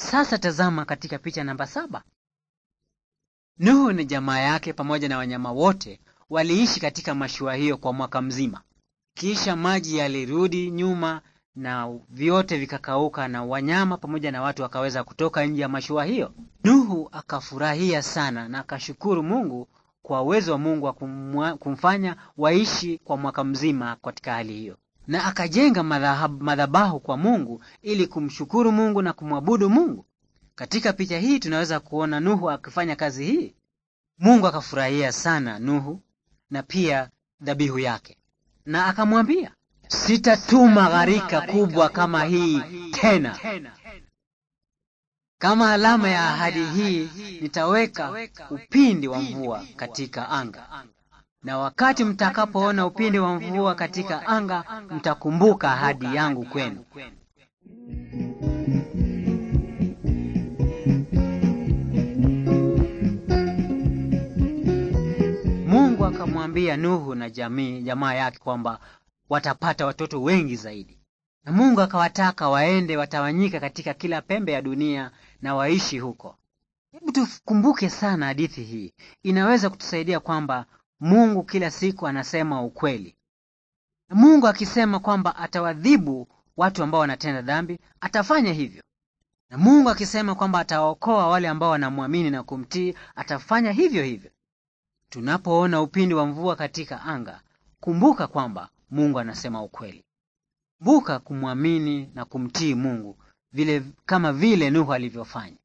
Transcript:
Sasa tazama katika picha namba saba. Nuhu na jamaa yake pamoja na wanyama wote waliishi katika mashua hiyo kwa mwaka mzima. Kisha maji yalirudi nyuma na vyote vikakauka na wanyama pamoja na watu wakaweza kutoka nje ya mashua hiyo. Nuhu akafurahia sana na akashukuru Mungu kwa uwezo wa Mungu wa kumfanya waishi kwa mwaka mzima katika hali hiyo na akajenga madhabahu kwa Mungu ili kumshukuru Mungu na kumwabudu Mungu. Katika picha hii tunaweza kuona Nuhu akifanya kazi hii. Mungu akafurahia sana Nuhu na pia dhabihu yake, na akamwambia sitatuma gharika kubwa kama hii tena. Kama alama ya ahadi hii, nitaweka upindi wa mvua katika anga. Na wakati mtakapoona upinde wa mvua katika anga, mtakumbuka ahadi yangu kwenu. Mungu akamwambia Nuhu na jamii jamaa yake kwamba watapata watoto wengi zaidi, na Mungu akawataka waende watawanyika katika kila pembe ya dunia na waishi huko. Hebu tukumbuke sana hadithi hii, inaweza kutusaidia kwamba Mungu kila siku anasema ukweli. Mungu akisema kwamba atawadhibu watu ambao wanatenda dhambi, atafanya hivyo. Na Mungu akisema kwamba atawaokoa wale ambao wanamwamini na kumtii, atafanya hivyo hivyo. Tunapoona upindi wa mvua katika anga, kumbuka kwamba Mungu anasema ukweli. Kumbuka kumwamini na kumtii Mungu vile kama vile Nuhu alivyofanya.